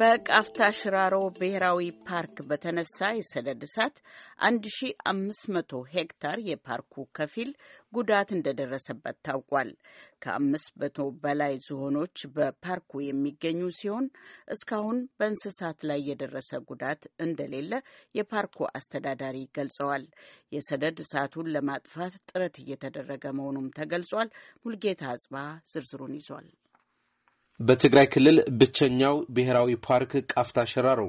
በቃፍታ ሽራሮ ብሔራዊ ፓርክ በተነሳ የሰደድ እሳት 1500 ሄክታር የፓርኩ ከፊል ጉዳት እንደደረሰበት ታውቋል። ከ500 በላይ ዝሆኖች በፓርኩ የሚገኙ ሲሆን እስካሁን በእንስሳት ላይ የደረሰ ጉዳት እንደሌለ የፓርኩ አስተዳዳሪ ገልጸዋል። የሰደድ እሳቱን ለማጥፋት ጥረት እየተደረገ መሆኑም ተገልጿል። ሙልጌታ አጽባ ዝርዝሩን ይዟል። በትግራይ ክልል ብቸኛው ብሔራዊ ፓርክ ቃፍታ ሸራሮ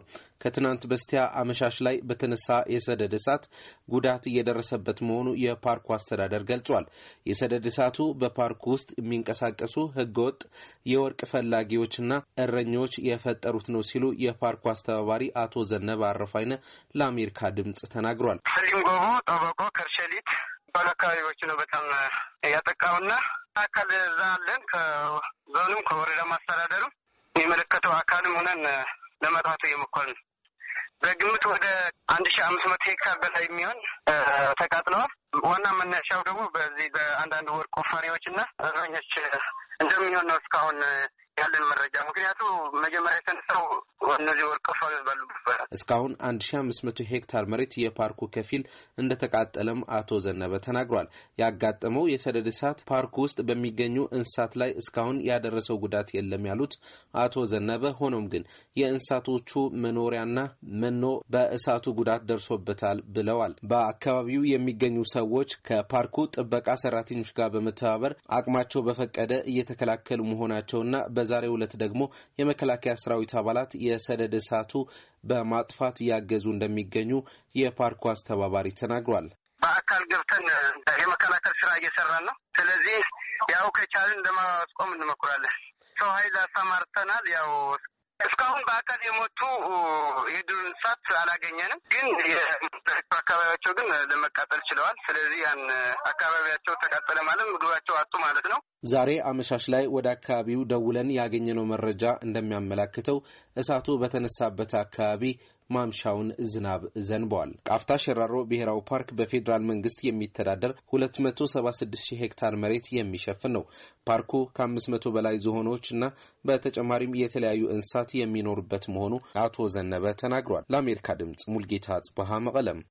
ከትናንት በስቲያ አመሻሽ ላይ በተነሳ የሰደድ እሳት ጉዳት እየደረሰበት መሆኑ የፓርኩ አስተዳደር ገልጿል። የሰደድ እሳቱ በፓርኩ ውስጥ የሚንቀሳቀሱ ህገወጥ የወርቅ ፈላጊዎችና እረኞች የፈጠሩት ነው ሲሉ የፓርኩ አስተባባሪ አቶ ዘነበ አረፋይነ ለአሜሪካ ድምጽ ተናግሯል። ባሉ አካባቢዎች ነው በጣም ያጠቃውና አካል እዛ አለን ከዞኑም ከወረዳ ማስተዳደሩ የሚመለከተው አካልም ሆነን ለመጥፋቱ እየሞከርን ነው። በግምት ወደ አንድ ሺ አምስት መቶ ሄክታር በላይ የሚሆን ተቃጥለዋል። ዋና መነሻው ደግሞ በዚህ በአንዳንድ ወርቅ ቆፋሪዎችና እረኞች እንደሚሆን ነው እስካሁን ያለን መረጃ። ምክንያቱ መጀመሪያ የተነሳው እነዚህ ወርቀፋ ባሉ እስካሁን አንድ ሺ አምስት መቶ ሄክታር መሬት የፓርኩ ከፊል እንደተቃጠለም አቶ ዘነበ ተናግሯል። ያጋጠመው የሰደድ እሳት ፓርኩ ውስጥ በሚገኙ እንስሳት ላይ እስካሁን ያደረሰው ጉዳት የለም ያሉት አቶ ዘነበ፣ ሆኖም ግን የእንስሳቶቹ መኖሪያና መኖ በእሳቱ ጉዳት ደርሶበታል ብለዋል። በአካባቢው የሚገኙ ሰዎች ከፓርኩ ጥበቃ ሰራተኞች ጋር በመተባበር አቅማቸው በፈቀደ እየተከላከሉ መሆናቸውና በዛሬው ዕለት ደግሞ የመከላከያ ሰራዊት አባላት የ የሰደድ እሳቱ በማጥፋት እያገዙ እንደሚገኙ የፓርኩ አስተባባሪ ተናግሯል። በአካል ገብተን የመከላከል ስራ እየሰራን ነው። ስለዚህ ያው ከቻልን ለማስቆም እንመኩራለን። ሰው ኃይል አሰማርተናል። ያው እስካሁን በአካል የሞቱ የዱር እንስሳት አላገኘንም፣ ግን አካባቢያቸው ግን ለመቃጠል ችለዋል። ስለዚህ ያን አካባቢያቸው ተቃጠለ ማለት ምግባቸው አጡ ማለት ነው። ዛሬ አመሻሽ ላይ ወደ አካባቢው ደውለን ያገኘነው መረጃ እንደሚያመላክተው እሳቱ በተነሳበት አካባቢ ማምሻውን ዝናብ ዘንበዋል። ቃፍታ ሸራሮ ብሔራዊ ፓርክ በፌዴራል መንግስት የሚተዳደር 276 ሄክታር መሬት የሚሸፍን ነው። ፓርኩ ከ500 በላይ ዝሆኖች እና በተጨማሪም የተለያዩ እንስሳት የሚኖሩበት መሆኑ አቶ ዘነበ ተናግሯል። ለአሜሪካ ድምፅ ሙልጌታ ጽበሃ መቀለም